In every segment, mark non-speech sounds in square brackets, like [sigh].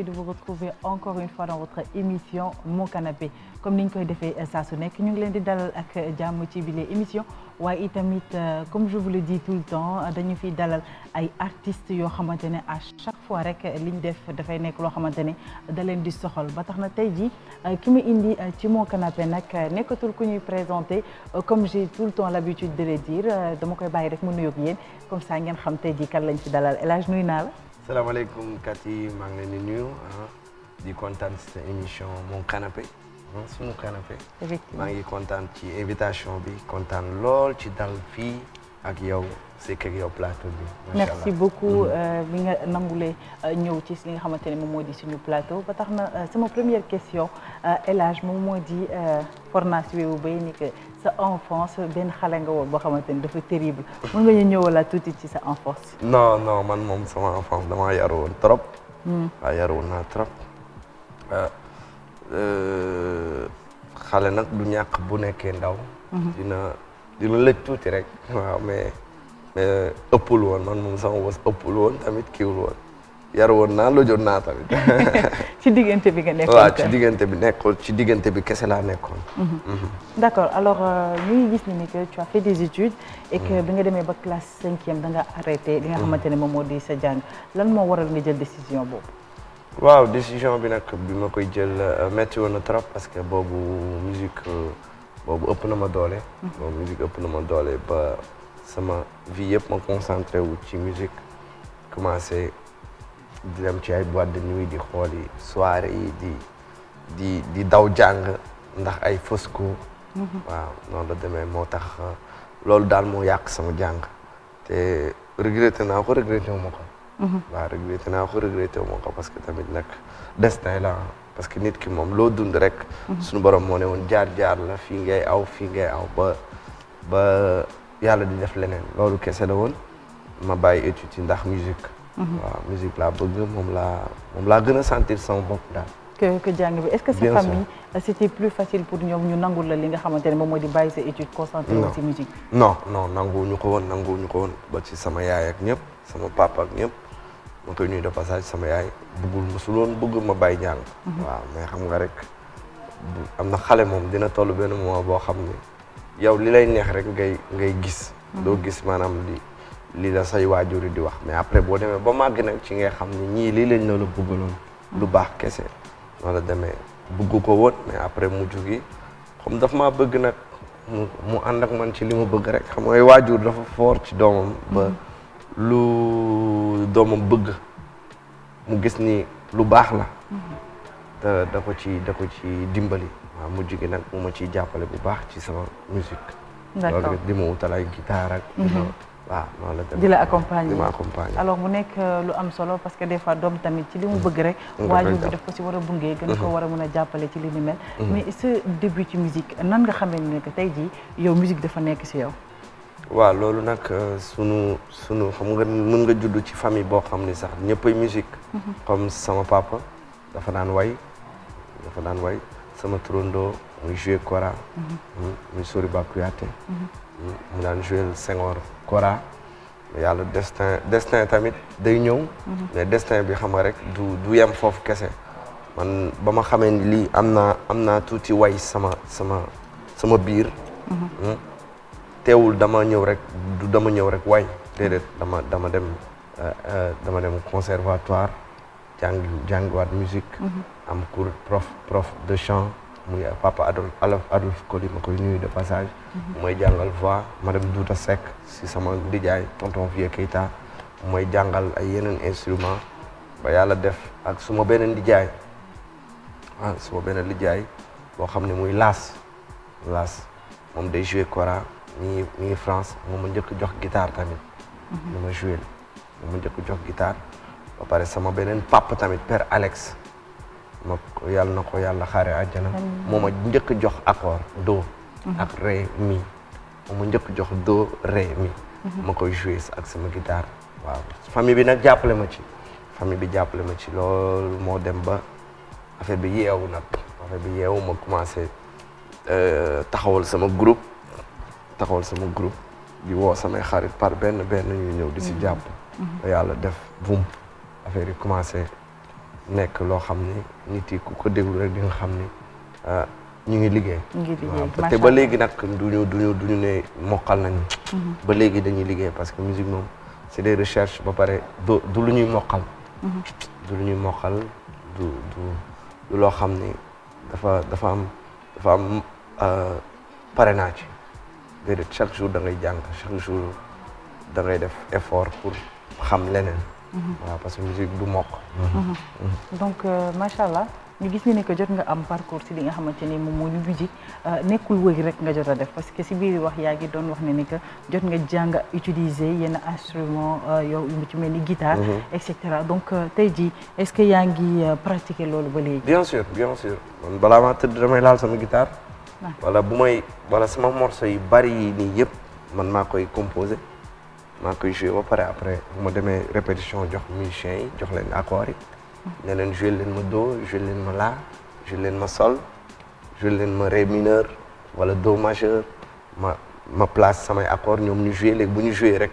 ravie de vous retrouver encore une fois dans votre émission Mon Canapé comme ni ñu koy defee euh, saa su nekk ñu ngi leen di dalal ak euh, jàmm ci bile émission waaye itamit euh, comme je vous le dis tout le temps dañu fiy dalal ay artistes yoo xamante ne à chaque fois rek li ñu def dafay nekk loo xamante ne da leen di soxal ba tax na tey jii ki mu indi ci Mon Canapé nag nekkatul ku ñuy présenté comme j'ai tout le temps l'habitude de le dire dama koy bàyyi rek mu nuyoog yéen comme ça ngeen xam tey jii kan lañ fi dalal El Hadj nuyu naa la. salaamaaleykum kat yi maa ngi leen di nuyu ah, di kontaan si sa émission mon canapé ah, sunu canapé maa ngi kontaan ci invitation bi kontaan lool ci dal fii ak yow sekk ak yow plateau bi. merci beaucoup mm-hmm. euh, bi nga nangulee euh, ñëw ci li nga xamante ne moom moo di suñu plateau ba tax na euh, sama première question El Hadj moom moo di fornage weewu bay ni que sa enfance benn xale nga woon boo xamante ni dafa terrible mën nga ñu ñëwalaat tuuti ci sa enfance. non non man moom sama enfance damaa yar woon trop. waaw hmm. ah, yar woon naa trop. xale nag du ñàkk bu nekkee ndaw. Hmm. dina dina lëj tuuti rek [laughs] mais eh, ëppul woon man moom sama was ëppul woon tamit kiiwul woon yar woon naa lojoon naa tamit. [laughs] ci diggante bi nga nekkoon waaw ci diggante bi nekkoon ci diggante bi kese laa nekkoon. Mhm. Mhm. d'accord alors euh, ñu ngi gis ni que tu as fait des mhm. bi nga demee ba classe cinquième da nga arrêté. li nga xamante ne moom di sa jàng lan moo war nga jël décision boobu. waaw décision bi nag bi ma koy jël euh, metti woon na trop parce que boobu musique euh, boobu ëpp na ma doole. boobu musique ëpp na ma doole sama vi yëpp ma concentré wu ci musique commencé di dem ci ay boîte de nuit di xool yi soirée yi di di di daw jàng ndax ay fausse cours mhm. noonu la demee moo tax euh, loolu daal moo yàq sama jàng te regretté naa ko regretté wu ma ko mhm. naa parce que tamit nag destin la parce que nit ki moom loo dund rek mhm. suñu borom moo ne woon jaar-jaar la fii ngay aw fii ngay aw ba ba yàlla di def leneen loolu kese la woon ma bàyyi étude yi ndax musique mhm. waaw musique laa bëgg moom la moom laa gën a sentir sama bopp daal que que bi est-ce que sa famille c'était plus facile pour ñoom ñu nangul la li nga xamante ne moom moo di bàyyi sa étude concentré wu ci musique non non nanguwuñu ko woon ko woon ba ci sama yaay ak ñëpp sama papa ak ñëpp moo koy ñuy de passage sama yaay bëggul mosul woon bëgg ma bàyyi jàng mhm. waaw mais xam nga rek am na xale moom dina toll benn moment boo xam ne yow li lay neex rek ngay ngay gis. Mhm. doo gis maanaam li lii la say waajur yi di wax mais après boo demee ba màgg nag ci ngay xam ne ñii lii lañ la la bëggaloon lu mhm. baax kese wala demee bugg ko woon mais après mujj gi comme daf maa bëgg nag mu mu ànd ak man ci li ma bëgg rek xam nga waajur dafa foor ci doomam ba mhm. lu doomam bëgg mu gis ni lu baax la. da ci da ko ci dimbali. waaw mujj gi nag mu ma ciy jàppale bu baax ci sama musique. d'accord loolu di ma wutal ay guitare ak. Mhm. waaw noonu la di la accompagner alors mu nekk euh, lu am solo parce que des fois doom tamit ci li mu mhm. bëgg rek. waajur bi daf ko si war a bungee gën ko mhm. war a mën a jàppale ci li ni mel. mais sa début ci musique nan nga xamee ne que tey jii yow musique dafa nekk si yow. waaw loolu nag euh, sunu sunu xam nga mën nga ci famille boo xam ne sax ñëppay musique. comme sama papa dafa daan way dafa daan way. sama turandoo muy joué Kora. Mhm. Mm, muy Sori Bakuyate. Mhm. Mm, mu daan joué Senghor Kora. yàlla destin destin tamit day ñëw. Mhm. mais destin bi xam nga rek du du yem foofu kese. man ba ma xamee ni lii am naa am naa tuuti way sama sama sama biir. Mm. teewul dama ñëw rek du dama ñëw rek way déedéet dama dama dem euh, euh, dama dem conservatoire jàng jàngiwaat am cours prof prof de chant muy papa Adolf Adolf Coly ma koy nuyu de passage. Mhm. mooy jàngal voix madame Douta Seck si sama nijaay tonton Vieux Keita mooy jàngal ay yeneen instrument ba yàlla def ak suma beneen nijaay ah, suma beneen nijaay boo xam ne muy Laas Laas moom day jouer kora mi France moom ma njëkk jox guitare tamit. Mhm. ni ma joué moom ma njëkk jox guitare ba pare sama beneen papa tamit père Alex. ma yàlla na ko yàlla xaare àjjana moo a njëkk jox accord do mhm. ak ré mi moo ma njëkk jox do ré mi mhm. ma koy joué ak sama guitare waaw famille bi nag jàppale ma ci famille bi jàppale ma ci loolu moo dem ba affaire bi yeewu nag affaire bi yeewu ma commencé euh, taxawal sama group taxawal sama group di woo samay xarit par benn benn ñu ñëw di si mhm. jàpp yàlla def bum affaire yi commencé nekk loo xam ni nit yi ku ko déglu rek di nga xam ni ah, ñu ngi liggéey. ñu ngi liggéey te ba léegi nag duñu duñu duñu ne mokkal nañu. Mhm. ba léegi dañuy liggéey parce que musique moom c'est des recherches ba pare du lu ñuy mokkal. Mhm. du loo xam ni dafa dafa am dafa am euh, parrainage déedéet chaque jour da ngay jàng chaque jour da def effort pour xam leneen. waaw parce que musique du mokk. Mhm. donc euh, macha allah ñu gis ni que jot nga am parcours si li nga xamante ni moom moo di musique euh, nekkul wëy rek nga jot a def parce que si biir wax yaa ngi doon wax ne ni que jot nga jàng utiliser yenn instrument euh, yow mu ci mel ni guitare. Mhm. et cetera donc tey jii est-ce que yaa ngi pratiquer loolu ba léegi. bien sûr bien sûr man balaa maa tëdd damay laal sama guitare. Ah. wala bu may wala sama morceau yu bari yi nii yëpp man maa koy composer. maa koy joué ba pare après ma demee répétition jox musiciens yi jox leen accords yi ne leen joué leen ma do joué leen ma la joué leen ma sol joué leen ma ré mineur wala do majeur ma ma place samay accords ñoom ñu joué léegi bu ñu joué rek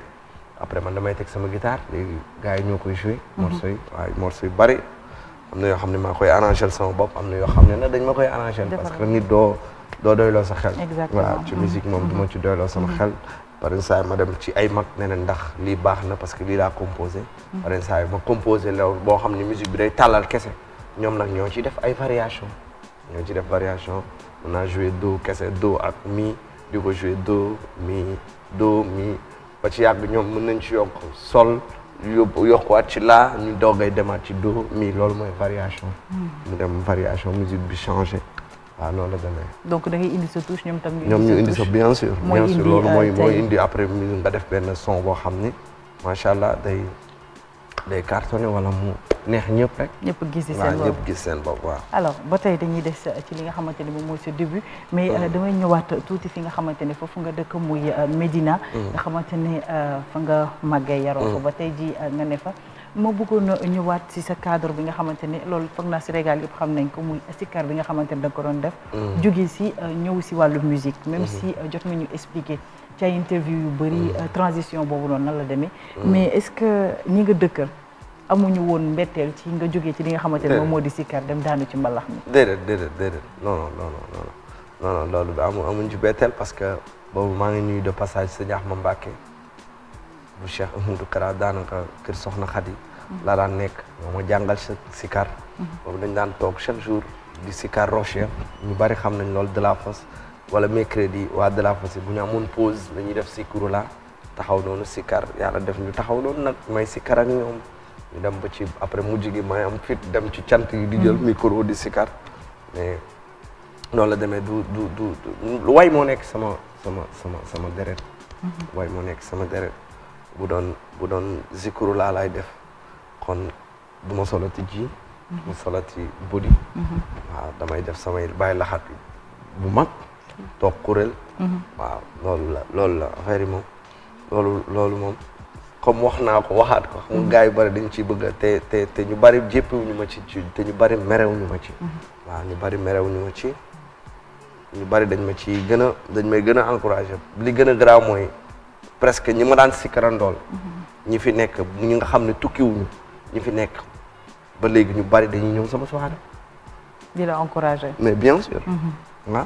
après man damay teg sama guitare léegi gars yi ñoo koy joué mhm. morceau yi waaye morceau yu bari am na yoo xam ne maa koy arrangé sama bopp am na yoo xam ne nag dañ ma koy arrangé parce que nit doo doo doyloo sa xel. exactement waaw ci musique moom du ma ci doyloo sama mhm. xel. par saa ma dem ci ay mag ne leen ndax lii baax na parce que lii laa composé. Mm. par saa ma composé la boo xam ne musique bi day tàllal kese ñoom nag ñoo ci def ay variation ñoo ci def variation on a joué do kese doo ak mii di ko joué do mi do mi ba ci yàgg ñoom mën nañ ci yokk sol yóbbu yokkuwaat ci laa ñu doogay demaat ci do mii loolu mooy variation. Mm. mu dem variation musique bi changé. waaw noonu la donc da ngay indi sa touche ñoom tamit ñoom ñu indi sa bien sûr. bien sûr loolu mooy ah, mooy indi après nga def benn son boo xam ni macha allah day day cartonné wala mu neex ñëpp rek. ñëpp gis seen bopp waaw ñëpp gis seen bopp waaw. alors ba tey dañuy des ci li nga xamante ne moom mooy sa début mais euh, mm. damay ñëwaat tuuti fi nga xamante ne foofu nga dëkk muy euh, médina mm. nga xamante ne euh, fa nga màggee yaroo fa mm. ba tey ji nga ne fa. ma bëggoon a ñëwaat si sa cadre bi nga xamante ni loolu foog naa Sénégal yëpp xam nañ ko muy sikkar bi nga xamante ne da ko doon def. Mm. jóge si euh, ñëw si wàllu musique. même mm-hmm. si euh, jot nga ñu expliquer ci yu bëri mm. euh, transition boobu noonu nan la demee. Mm. mais est-ce que ñi nga dëkkal amuñu woon mbeteel ci nga jógee ci li nga xamante ne moom moo di sikkar dem daanu ci mbalax mi. déedéet déedéet déedéet non non loolu amuñ ci mbetteel parce que boobu maa ngi nuyu de passage sëñ Axma Mbacke. bu Cheikh Ahmadou Kara daanaka kër Soxna Khady laa daan nekk moom ma jàngal sa sikar boobu dañ daan toog chaque jour di sikar rocher ñu bari xam nañ lool de la fosse wala mercredi waa de la fosse bu ñu amoon pause la ñuy def sikuru la taxaw noonu sikar yàlla def ñu taxaw noonu nag may sikar ak ñoom ñu dem ba ci après mujj gi may am fit dem ci cant yi di jël mm. micro di sikar mais noonu la demee du du way moo nekk sama sama sama sama deret mm-hmm. way moo nekk sama deret bu doon bu doon zikru laa lay def kon du ma solati ji mu solati budi mm-hmm. waaw damay def samay bàyyi laxat bu mag toog kuréel mm-hmm. waaw loolu la loolu la affaire yi moom loolu loolu moom comme wax naa ko waxaat ko xam nga mm-hmm. gars yu bari dañ ciy bëgg te te te ñu bari ñu ma ci te ñu bari merewuñu ma ci waaw ñu bari merewuñu ma ci ñu bari dañ ma ci gën a dañ may gën a encouragé li gën a garaaw mooy presque ñi ma daan sikkarandool ñi fi nekk ñi nga xam ne tukkiwuñu ñi fi nekk ba léegi ñu bari dañuy ñëw sama soirée. di la encourager. mais bien sûr. Mhm. ah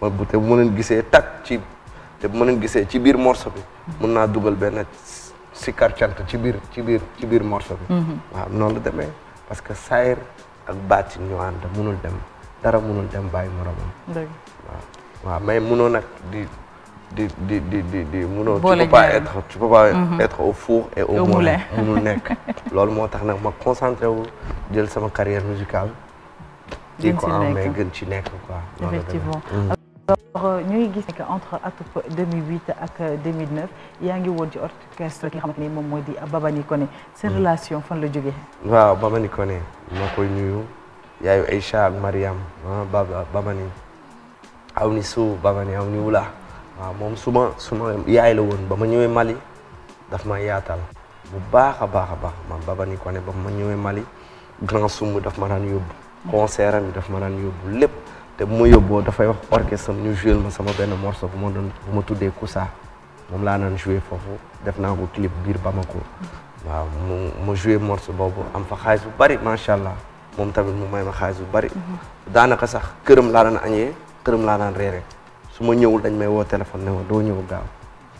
man bu te bu ma leen gisee takk ci te bu gisee ci biir morso bi. Mhm. mun naa dugal benn sikkar cant ci biir ci biir ci biir morceau bi. Mhm. waaw noonu la demee parce que saayir ak baatin ñu ànd munul dem dara munul dem bàyyi moromam. dëgg mais munoo nag di di di di mhm. four et au moulin [laughs] mënul loolu moo tax nag ma concentré wu jël sama carrière musicale di ko am mais gën ci nekk quoi effectivement mhm. alors euh, ñuy gis que entre atub 2008 ak 2009 euh, yaa ngi woon ci orchestre ki nga xamante ni moom mooy di Babani Koné seen mhm. relation fan la jógee waaw Babani Koné moo koy nuyu yaayu Aïcha ak Mariam ah, Babani aw ni suu Babani aw ni wula waaw moom suma suma yaay la woon ba ma ñëwee Mali daf ma yaatal bu baax a baax a baax ma Baba Nikone ba ma ñëwee Mali grand sumb daf ma daan yóbbu concert am bi daf ma daan yóbbu lépp te bu ma dafay wax orchestre ñu joué ma sama benn morso bu ma doon bu ma tuddee Kousa moom laa naan joué foofu def naa ko clip biir bama ko waaw mu ma joué boobu am fa xaalis bu bari macha allah moom tamit mu may ma xaalis bu bari mhm. daanaka sax këram laa daan añee këram laa naan reere su ma ñëwul dañ may woo téléphone ne ma doo ñëw gaaw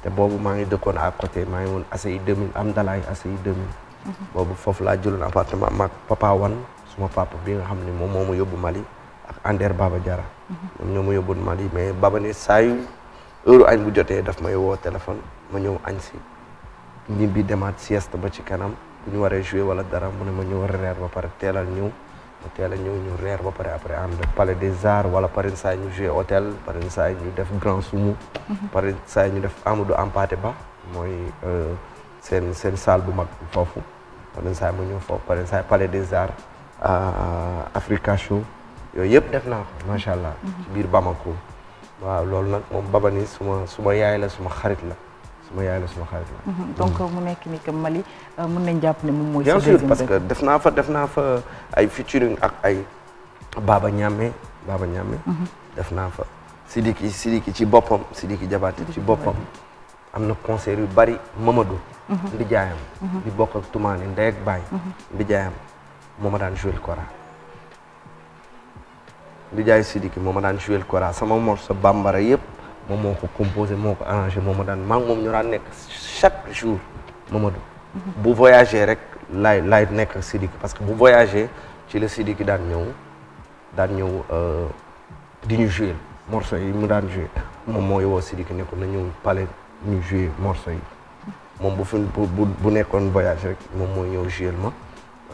te boobu maa ngi dëkkoon à côté maa ngi woon ACI 2000 am dalaay ACI 2000. Mhm. boobu foofu laa jëloon appartement maag papa wan suma papa bii nga xam ni moom moo ma yóbbu Mali ak Ander Baba Diarra. Mhm. ñoom ñoo ma yóbbu Mali mais baba ne saa yu añ bu jotee daf may woo téléphone ma ñëw añ si ñibbi demaat sieste ba ci kanam bu ñu waree jouer wala dara mu ne ma ñëw reer ba pare teelal ñëw. teel ñëw ñu reer ba pare après ànd palais des arts wala parin saay ñu joué hôtel parin saay ñu def grand sumu mhm. parin saay ñu def Amadou Ampaté Ba mooy euh, seen seen salle bu mag foofu parin saay ma ñëw foofu parin saay palais des arts Africa Show yooyu yëpp def naa ko macha allah. Mhm. ci biir Bamako waaw loolu nag moom Babani suma suma yaay la suma xarit la ma yaay la suma xarit la. Mhm. donc mu nekk ni que Mali euh, mën ne moom mooy. bien sûr parce que def naa fa def naa fa ay featuring ak ay Baba Ñaame Baba Ñaame. Mhm. def ci boppam ci boppam. am na concert yu bari Mamadou. Mhm. ndi jaayam. di bokk Tumaani ndey baay. ndi jaayam moo ma daan joué Kora. ndi jaay Sidiki moo ma daan joué Kora sama morceau bambara yëpp. moom moo ko composé moo ko arrangé moom ma daan maa moom ñu daan nekk chaque jour Mamadou mhm. bu voyagé rek lay laay nekk ak parce que bu voyagé ci la Sidiki daan ñëw daan ñëw euh, di ñu jouer morceau yi mu daan jouer moom mooy woo Sidiki ne na ñëw pale ñu jouer morso yi moom bu fi bu nekkoon voyage rek moom mooy ñëw jouer ma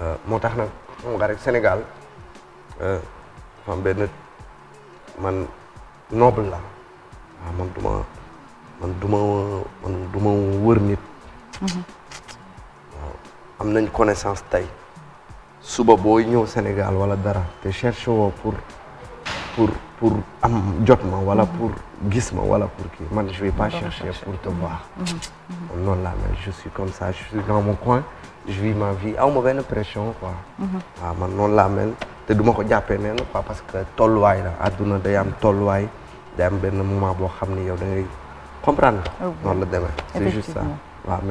euh, moo tax nag xam nga rek Sénégal xam euh, benn man noble la waaw ah, man du ma man du ma wër nit. Mhm. am nañ connaissance tey suba booy ñëw Sénégal wala dara te cherche woo pour pour pour am jot ma wala mhm. pour gis ma wala pour kii man je vais pas chercher pour te mhm. voir. man noonu laa mel je suis comme ça je suis dans mon coin je vis ma vie aw ma benn pression quoi. Ah, man noonu laa mel te du ma ko jàppee neen quoi parce que tolluwaay la àdduna day am tolluwaay. day am benn moment boo xam ne yow da ngay comprendre ko ah noonu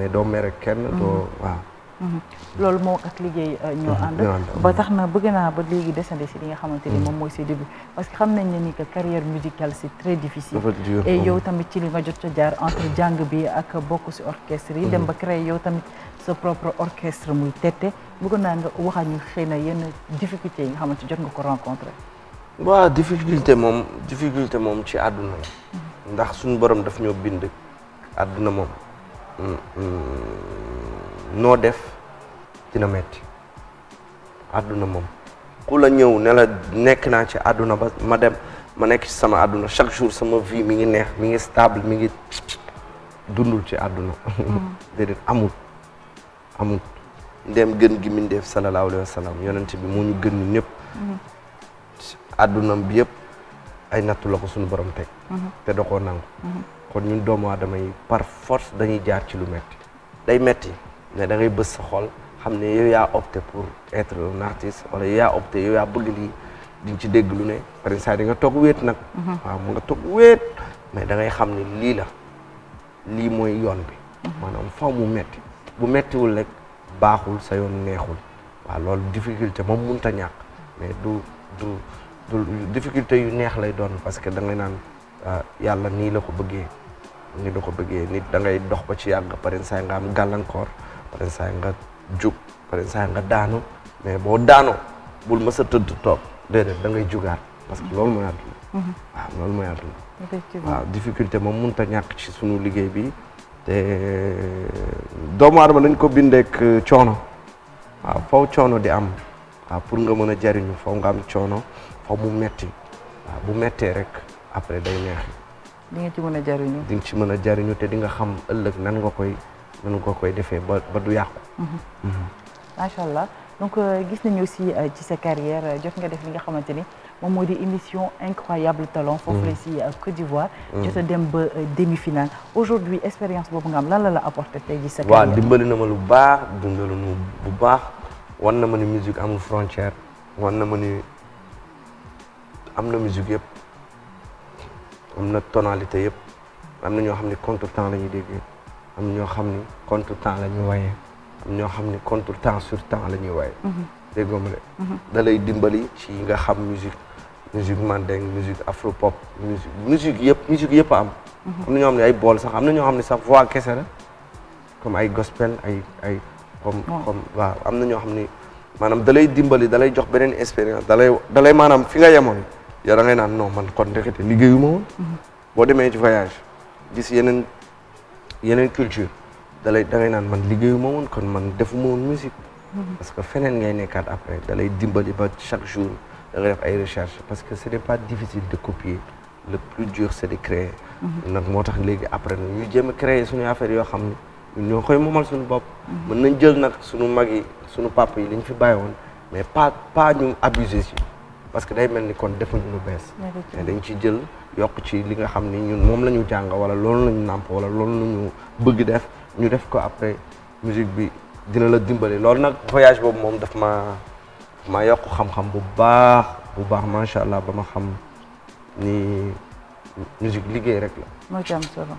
la doo mere kenn mhm. waaw mhm. loolu moo ak liggéey euh, mhm. ñoo ànd ba tax na bëgg naa ba léegi desandi si li nga xamante ni moom mooy ses début parce que xam nañ ne ni que carrière musicale c'est très difficile et yow tamit ci li nga jot ca jaar entre jàng bi ak bokk si orchestre yi dem ba créer yow tamit sa propre orchestre muy tette bëgg naa nga waxaat ñu xëy na yenn difficultés yi nga xamante jot nga ko rencontrer waaw difficulté moom difficulté moom ci àdduna la ndax suñu borom daf ñoo bind àdduna moom mm, mm, noo def dina metti àdduna moom ku la ñëw nela nekk naa ci àdduna ba ma dem ma nekk ci sama àdduna chaque jour sama vie mi ngi neex mi ngi stable mi ngi dundul ci àdduna mm. [laughs] déedéet amul amul ndeem gën gi mindeef sallallahu alayhi wa sallam yonent bi moo ñu gën ñëpp àddunam bi yëpp ay nattu la ko suñu borom teg mhm. te da nangu mhm. kon ñun doomu aadama yi par force dañuy jaar ci lu metti day metti mais da ngay bës sa xol xam ne yow yaa opté pour être un artiste wala yow yaa opté yow yaa bëgg lii di ci dégg lu ne par saa di nga toog wéet nag mhm. waaw mu nga toog wéet mais da xam ne lii la lii mooy yoon bi maanaam faw mu metti bu mettiwul rek baaxul sa yoon neexul waaw loolu difficulté moom mënut a ñàkk mais du du difficulté yu neex lay doon parce que da ngay naan ah, yàlla nii la ko bëggee nii la ko bëggee nit da ngay dox ba ci yàgg pare saa nga am gàllankoor pare saa nga jug pare saa nga daanu mais boo daanoo bul mës a tëdd toog déedéet da ngay jugaat parce que loolu mooy àdduna. Mhm. waaw loolu mooy àdduna. effectivement difficulté moom mënut a ñàkk ci sunu liggéey bi te doomu aadama lañ ko bindeek euh, coono waaw faw coono di am waaw pour nga mën a jariñu faw nga am coono. faw mu metti bu mettee rek après day neex. di nga ci mën a jariñu. di nga mën a jariñu te di nga xam ëllëg nan nga koy nan nga koy defee ba ba du yàqu. Mhm. Mhm. macha allah donc euh, gis nañu aussi euh, ci sa carrière jot nga def li nga xamante ni moom moo di émission incroyable talent. foofu mhm. la si euh, Côte d'Ivoire. jot a dem ba demi-finale aujourd'hui expérience boobu nga am lan la la apporté tey ji sa carrière dimbali na ma lu baax dundalu nu bu baax wan na ma ni musique amul frontière wan na ma ni. am na musique yëpp am na tonalité yëpp am na ñoo xam ni contre temps la ñuy déggee am ñoo xam ni contre la ñuy wayee ñoo xam ni contre temps sur temps la ñuy wayee mhm. déggoo mhm. dimbali ci nga xam musique musique mandeng musique afro pop musique musique yëpp am mhm. am na ñoo xam ne ay bool sax am na ñoo xam ne sax voix kese la comme ay gospel ay ay comme comme am na ñoo xam ni maanaam da lay dimbali da lay jox beneen expérience da lay da lay maanaam fi nga yemoon yow da ngay naan non man kon ndekete liggéeyu ma woon mhm. boo demee ci voyage gis yeneen yeneen culture da lay da ngay naan man liggéeyu ma woon kon man defu ma woon musique mhm. parce que feneen ngay nekkaat après da dimbali ba chaque jour da nga ay recherche parce que ce n'est pas difficile de copier le plus dur c'est de créer mhm. nag moo tax léegi après ñu jéem a créer suñu affaire yoo xam ne ñoo koy moomal suñu bopp mën nañ jël nag suñu mag yi suñu papa yi li fi bàyyi woon mais pas pas ñu abuser si parce que day mel ni kon defuñu lu bees mais dañ ci jël yokk ci li nga xam ni ñu moom la ñu jàng wala loolu la ñu nàmp wala loolu la ñu bëgg def ñu def ko après musique bi dina la dimbale loolu nag voyage boobu moom daf ma ma yokk xam-xam bu baax bu baax macha allah ba ma xam ni musique liggéey rek la.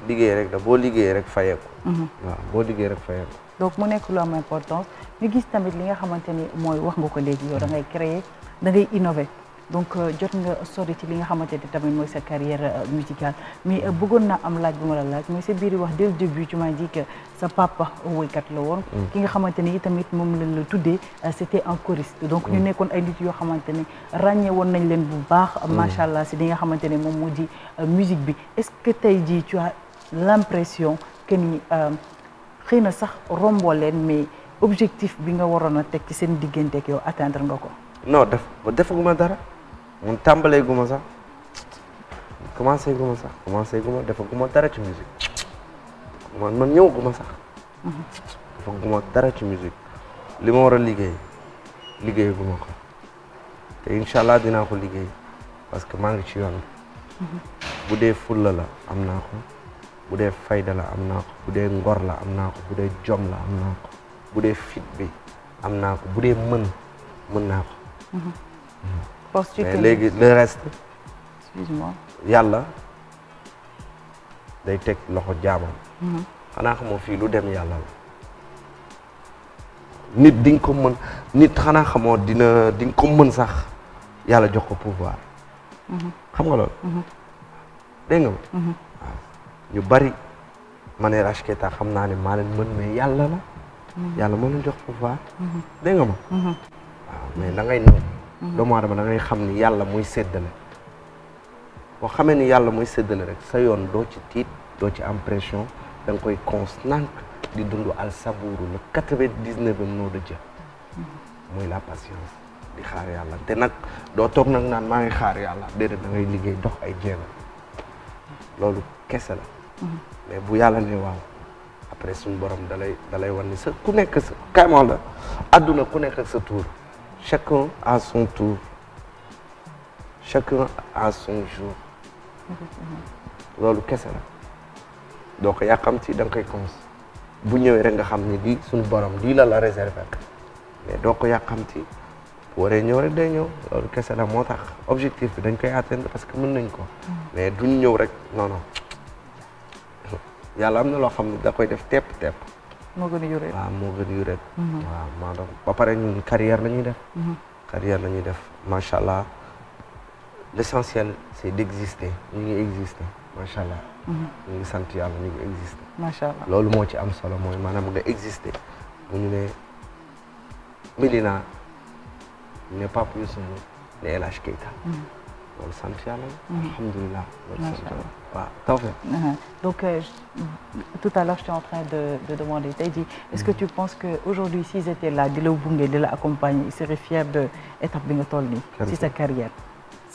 liggéey rek la boo liggéey rek fayeeku. Mm-hmm. waaw boo liggéey rek fayeeku. donc mu nekk lu am importance ñu gis tamit li nga xamante ni mooy wax nga ko léegi yow da ngay créer da ngay innover donc euh, jot nga sori ci li nga xamante ni tamit mooy sa carrière euh, musicale mais euh, bëggoon na am laaj bu ma la laaj mooy sa biir wax dès le début tu m'as dit que sa papa woykat la woon. Mm. ki nga xamante ni tamit moom lañ la tuddee c'était un choriste. donc ñu mm. nekkoon ay nit yoo xamante ni ràññee woon nañ leen bu baax. Mm. macha allah si li nga xamante ni moom moo di musique bi est-ce que tey jii tu as l'impression que ni. xëy na sax romboo leen mais objectif bi nga waroon a teg ki seen digganteeg yow atteindre nga ko. non def defaguma dara mun tàmbalee guma sax commencé guma sax commencé guma defaguma dara ci musique man man ñëwaguma sax. defaguma dara ci musique li ma war a liggéey liggéey guma ko te incha allah dinaa ko liggéey parce que maa ngi ci yoon mhm. bu dee fulla la am na ko. bu dee fayda la am naa ko bu dee ngor la am naa ko bu dee jom am naa ko bu dee fit bi am naa ko bu dee mën mën naa ko. Mhm. Mhm. mais léegi le reste. yàlla day teg loxo jaamam. Mhm. xanaa xamoo fii lu dem yàlla la. nit di nga ko mën nit xanaa xamoo dina ding ko mën sax yàlla jox ko pouvoir. xam nga loolu. dégg nga. ñu bari man Elaj Keita xam naa ne maa mën mais yàlla la yàlla moo leen jox pouvoir dégg nga ma waaw mais da ngay noonu doomu aadama xam ni yàlla muy seddale boo xamee ni yàlla muy séddale rek sa yoon doo ci tiit doo ci am pression da nga koy constant di dund al sabuuru le quatre-vingt-dix-neuvième nom de Dieu muy la patience di xaar yàlla te nag doo toog nag naan maa ngi xaar yàlla déedéet da ngay liggéey dox ay jéego loolu kese la mais bu yàlla ne waaw après suñu borom dalay dalay wan ni sa ku nekk sa kaay ma la àdduna ku nekk sa tour chacun à son tour chacun à son jour loolu kese la doo ko yàqamti da nga koy cons bu ñëwee rek nga xam ni di suñu borom lii la la réserver mais doo ko yàqamti waree ñëw rek day ñëw loolu kese la moo tax objectif bi dañ koy atteindre parce que mën nañ ko mm. mais duñ ñëw rek non yàlla am na loo xam ne da koy def tepp tepp. moo gën a moo gën a yuréet. Mhm. waaw maanaam ba pare ñun carrière la ñuy def. Mhm. carrière la ñuy def macha allah l' essentiel c' est d' ñu ngi exister macha allah. Mhm. ñu ngi sant yàlla ñu ngi exister. macha loolu moo ci am solo mooy maanaam nga exister bu ñu nee Medina ne Pape Youssou Ndour ne El Hadj loolu sant yàlla alhamdulilah loolu sant yàlla waaw tawfeex uh-huh. donc euh, tout à l'heure j'étais en train de, de demander tey jii est-ce que mm. tu penses que aujourd'hui s'ils étaient là di la bunge di la accompagner ils seraient fiers de étape bi nga toll nii si sa carrière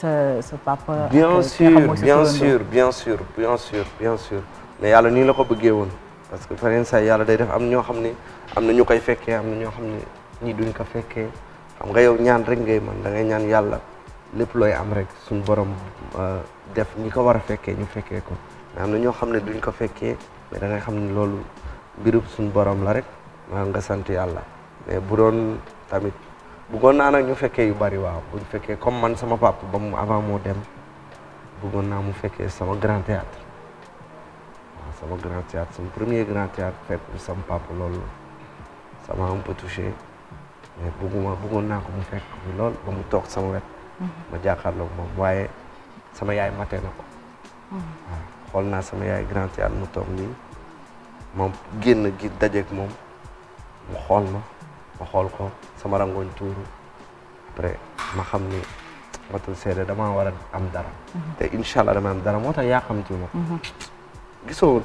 sa sa papa bien sûr bien sûr bien sûr bien sûr bien sûr mais yàlla nii la ko bëggee woon parce que faren say yàlla day def am ñoo xam ne am na ñu koy fekkee am na ñoo xam ne ñii duñ ko fekkee xam nga yow ñaan rek ngay man da ngay ñaan yàlla lépp looy am rek suñ borom euh, def ñi ko war a fekkee ñu fekkee ko mais am na ñoo xam ne duñ ko fekkee mais da xam ne loolu mbirub suñ borom la rek maa nga sant yàlla mais bu doon tamit buggoon naa nag ñu fekkee yu bari waaw buñ fekkee comme man sama papa ba mu avant moo dem bëggoon naa mu fekkee sama grand théâtre waaw sama grand théâtre sama premier grand théâtre fekk sama papa loolu sama un peu mais bëgguma bëggoon naa ko mu fekk bi lool ba mu toog sama wet ma jàkkaarloog moom waaye sama yaay mate na ko. waaw mm-hmm. naa sama yaay grand théâtre mu toog nii moom génn gi dajeeg moom mu xool ma ma xool ko sama rangoñ tuuru après ma xam ni matul seede damaa war am dara. Mm-hmm. te incha dama am dara moo tax yaa xam ci ma. Mm-hmm. gisoo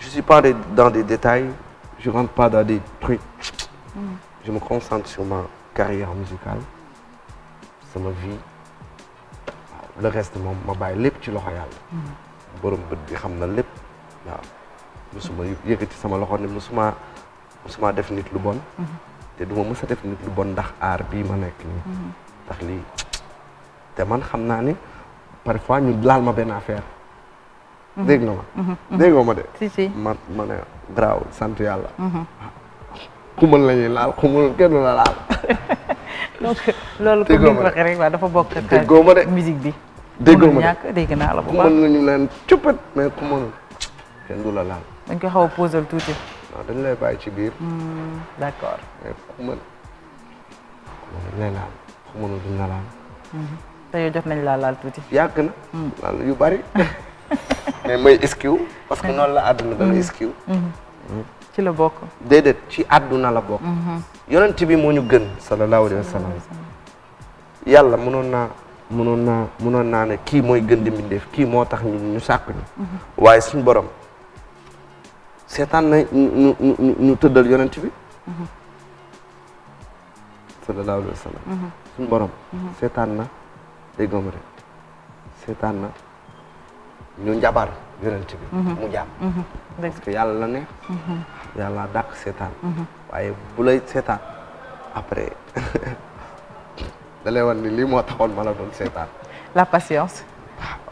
je suis pas dans des détails je rentre pas dans des trucs. je me concentre sur ma carrière musicale. sama vie waaw le reste moom ma bàyyi lépp ci loxo yàlla. Mm-hmm. borom bët bi xam na lépp waaw mosuma yëkkati sama loxo ne mosuma mosuma def nit lu bon. Mm-hmm. te duma mës a def nit lu bon ndax aar bii ma nekk nii. Mm-hmm. ndax lii te man xam naa ne parfois ñu laal ma benn affaire. dégg nga ma. déggoo ma de. si si ma ma ne garaawul sant yàlla. xumul la laal xumul kenn la laal. [laughs] donc [laughs] loolu comme ni nga waxee rek waaw dafa bokk ak musique bi déggoo ma de ñàkk dégg naa la bu baax ku nga ñu leen cuppat mais ku mënul kenn la laal dañ ko xaw a posal dañ lay bàyyi ci biir hmm, d'accord mais ku mën ku mën dañ lay laal laal hmm, te yow nañ laa laal tuuti yàgg na hmm. laal yu bari [laughs] mais may parce que noonu la àdduna dana esquiw ci la bokk déedéet ci àdduna la bokk mhm. yonent bi moo ñu gën sallallahu alayhi wa sallam yàlla mënoon naa mënoon mënoon naa ne kii mooy gën di mbindeef kii moo tax ñu sàkk ñu mhm. waaye suñu borom seetaan na ñu ñu tëddal yonent bi mhm. sallallahu alayhi borom seetaan na déggom rek seetaan ñu njabar yonent bi mhm. mu jàpp mhm. parce que yàlla la neex mhm. yàlla dàq seetaan waaye bu lay après [laughs] la patience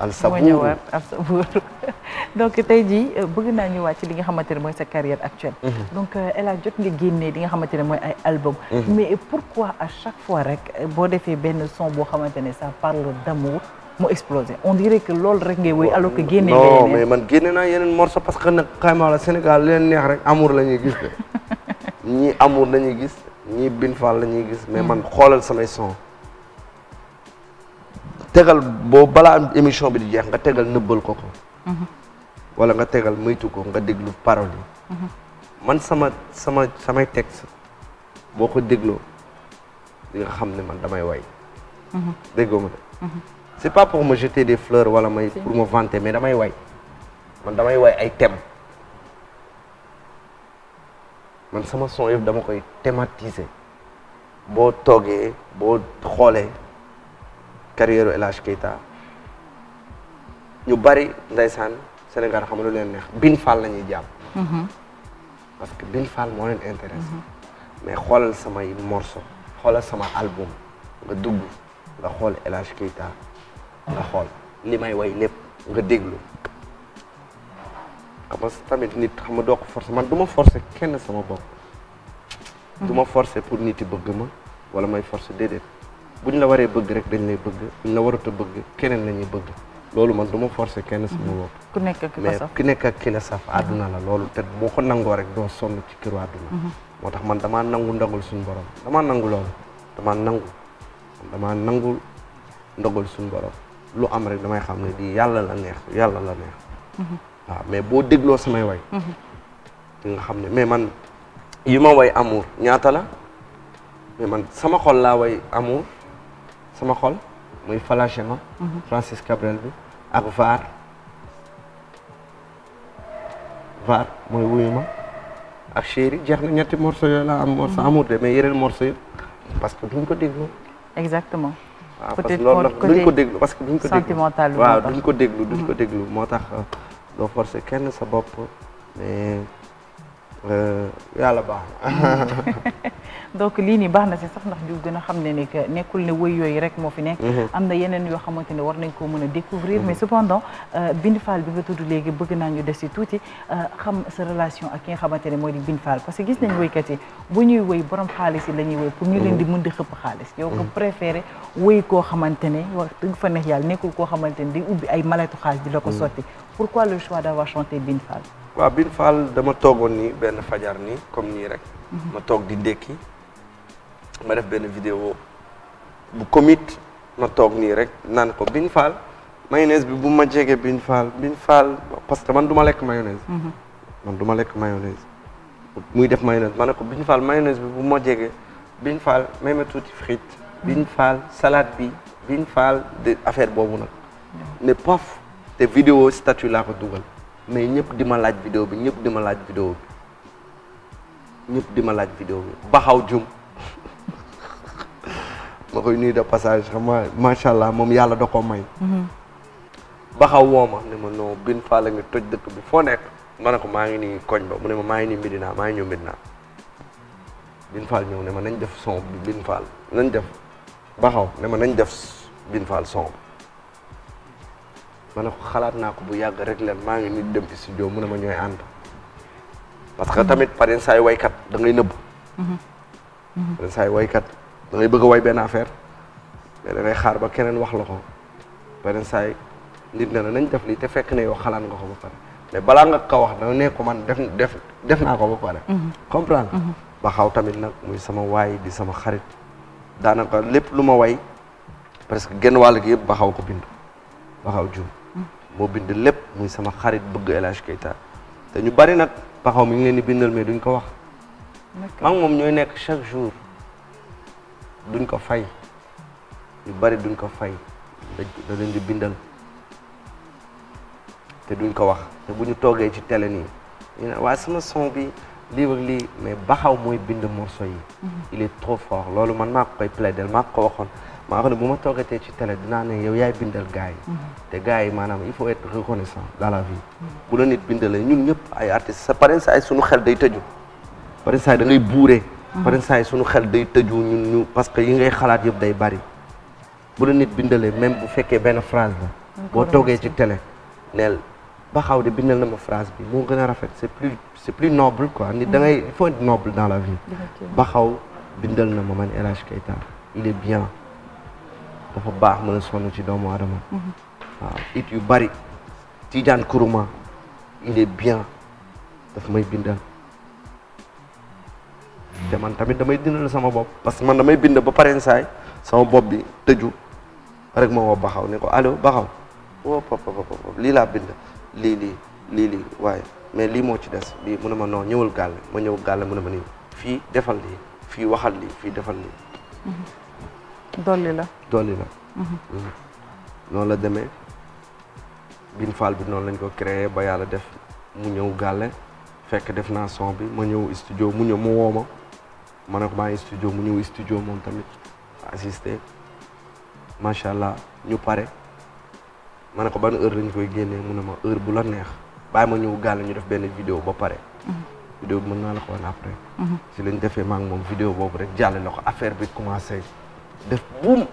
al sabuur [laughs] donc tey jii euh, bëgg naa ñu wàcc li nga xamante ne mooy sa carrière actuelle. donc euh, El jot nga génnee li nga xamante ne mooy ay album. mais pourquoi à chaque fois rek euh, boo defee benn son boo xamante ne ça parle d'amour mu explosé on dirait que lool rek ngay woy alors que génne non mais man génne naa yeneen parce que nag xaymaa la Sénégal leen neex rek amour la ñuy gis de [laughs] ñii amour la ñuy gis ñii bin faal la ñuy gis mais hmm. man xoolal samay son tegal boo balaa émission bi di jeex nga tegal nëbbal ko ko hmm. wala nga tegal moytu ko nga déglu parole yi hmm. man sama sama samay texte boo ko dégloo di nga xam ne man damay way déggoo ma de c'est pas pour me jeter des fleurs wala may pour me vanter mais damay way man damay way ay thèmes man sama son yëpp dama koy thématiser boo toogee boo xoolee carrière El Hadj Keita ñu bari san Sénégal xam lu leen neex Bin Fall la ñuy jàpp. Mhm. parce que Bin Fall moo leen intéressé. Mhm. mais xoolal samay morceau xoolal sama album nga dugg nga xool El Hadj nga xool li may woy lépp nga déglu xam tamit nit xam nga doo ko forcer man du ma forcer kenn sama bopp. du ma forcer pour nit yi bëgg ma wala may forcer déedéet buñ la waree bëgg rek dañ lay bëgg buñ la warut a bëgg keneen la ñuy bëgg loolu man duma ma kenn sama mhm. bopp. ku nekk ki la saf mais àdduna la loolu te boo ko nangoo rek doo sonn ci këru àdduna. Mhm. moo tax man damaa nangu ndogul suñu borom damaa nangu loolu damaa nangu damaa nangu ndogul suñu borom. lu am rek damay xam ne di yàlla la neex yàlla la neex mhm. waaw mais boo dégloo samay way mhm. di nga xam ne mais man yi ma way amour ñaata la mais man sama xol laa way amour sama xol muy Falagena mhm. Francis Cabrel bi ak Var Var mooy wuyu ak chéri jeex na ñetti morceau yooyu laa am morceau amour de mais yeneen morceau yëpp parce que duñ ko dégloo exactement Ah, peut être loolu duñ ko déglu parce que duñ ko déglu sentimental waaw duñ ko déglu duñ ko déglu moo tax euh, doo forcer kenn sa bopp mais euh, yàlla baax na [laughs] donc lii nii baax na si sax na gën a xam ne ne que nekkul ne wëy yooyu rek moo fi nekk mhm. am na yeneen yoo xamante ne war nañ koo mën a découvrir mais mhm. cependant euh, Bindi Fall bi nga tudd léegi bëgg naa ñu des si tuuti euh, xam sa relation ak ki nga xamante ne moo di Bindi Fall parce que gis nañ woykat yi bu ñuy woy borom xaalis i la ñuy woy pour ñu leen di mun mhm. di xëpp xaalis yow nga préféré woy koo xamante ne wax dëgg fa neex yàlla nekkul koo xamante ne di ubbi ay maletu xaalis di la ko sotti pourquoi le choix d'avoir chanté Bindi Fall waaw Bindi Fall dama toogoon benn fajar ni comme nii rek ma toog di ndékki ma def benn vidéo bu commit ma toog nii rek naan ko Bine Fall mayonnaise bi bu ma jege Bine Fall Bine parce que man du ma lekk mayonnaise. Mhm. man lekk mayonnaise. muy def mayonnaise ma ne ko Bine Fall mayonnaise bi bu ma jege Bine Fall may ma tuuti frites. Bine Fall salade bi Bine Fall de affaire boobu nag. ne pof te vidéo statut laa ko dugal. mais ñëpp di ma laaj vidéo bi ñëpp di ma laaj vidéo bi ñëpp di ma laaj vidéo bi jum. ma koy nuyu de passage xam nga allah moom yàlla da koo may. Mhm. baxaw woo ma ne ma non bin faa la ngi toj dëkk bi foo nekk ma ne ko maa ngi nii koñ maa ngi nii Medina maa ngi ñëw Medina bin faal ñëw ne ma nañ def son bi bin faal nañ def baxaw ne ma nañ def bin faal son xalaat naa ko bu yàgg rek leen maa ngi nii dem studio mu ne ma ñooy ànd parce que mhm. tamit parrain saay waykat da ngay nëbb mhm. parrain saay waykat da ngay bëgg a way benn affaire mais da xaar ba keneen wax loxo ko beneen saa ne la nañ def lii te fekk na yow xalaat nga ko ba balaa nga ko wax da ne ko man def def def naa ko ba pare. Mhm. comprendre mhm. ba xaw tamit nag muy sama waay di sama xarit daanaka lépp lu ma way parce que genn wàll gi yëpp ba xaw ko bind ba xaw juum boo mhm. bind lépp muy sama xarit bëgg El Hadj Keita te ñu bari nag ba xaw mi ngi leen di bindal mais duñ ko wax. maa ngi moom ñooy nekk chaque jour. duñ ko fay yu bari duñ ko fay da leen di bindal te duñ ko wax te bu ñu toogee ci télé nii ñu ne waaye bi lii ak lii mais baxaw mooy bind morceau yi mm-hmm. il trop fort loolu man maa ko koy plaider maa ko ko maa xam ne bu ma toogatee ci télé dinaa ne yow yaay bindal gars yi mm-hmm. te gars yi maanaam il faut être reconnaissant dans la vie mm-hmm. bu la nit bindalee ñun ñëpp ay artistes sa parents sunu xel day tëju parents da ngay buuree paren saa yi suñu xel day tëju ñun ñu parce que yi ngay xalaat yëpp day bari bu la nit bindalee même bu fekkee benn phrase la boo toogee ci télé neel ba xaw de bindal na ma phrase bi moo gën a rafet c'est plus c'est plus noble quoi nit da ngay il faut être noble dans la vie ba xaw bindal na ma man El Hadj Keita il est bien dafa baax ma a sonn ci doomu adama mm-hmm. waaw it yu bari Tidiane Kourouma il est bien daf may bindal te man tamit damay dindal sama bopp parce que man damay bind ba pare saay sama bopp bi tëju rek ma woo baxaw ne ko allo baxaw woo pop lii laa bind lii lii lii lii waaye mais lii moo ci des lii mu ne ma non ñëwal gàlle ma ñëw gàlle mu ne ma fii defal lii fii waxal lii fii defal lii mm-hmm. dolli la la mm-hmm. Mm-hmm. noonu la demee bin faal bi noonu lañ ko créé ba yàlla def mu ñëw gàlle fekk def naa son bi ma ñëw studio mu ñëw mu woo ma ne ko maa ngi studio mu ñëw studio moom tamit assisté macha allah ñu pare ma ne ko ban heure lañu koy génnee mu ne ma heure bu la neex bàyyi ma ñëw gàll ñu def benn vidéo ba pare. Mm-hmm. vidéo bi mën naa la ko wan mm-hmm. si lañ defee maa ngi moom vidéo boobu rek jaal la ko affaire bi commencé def buum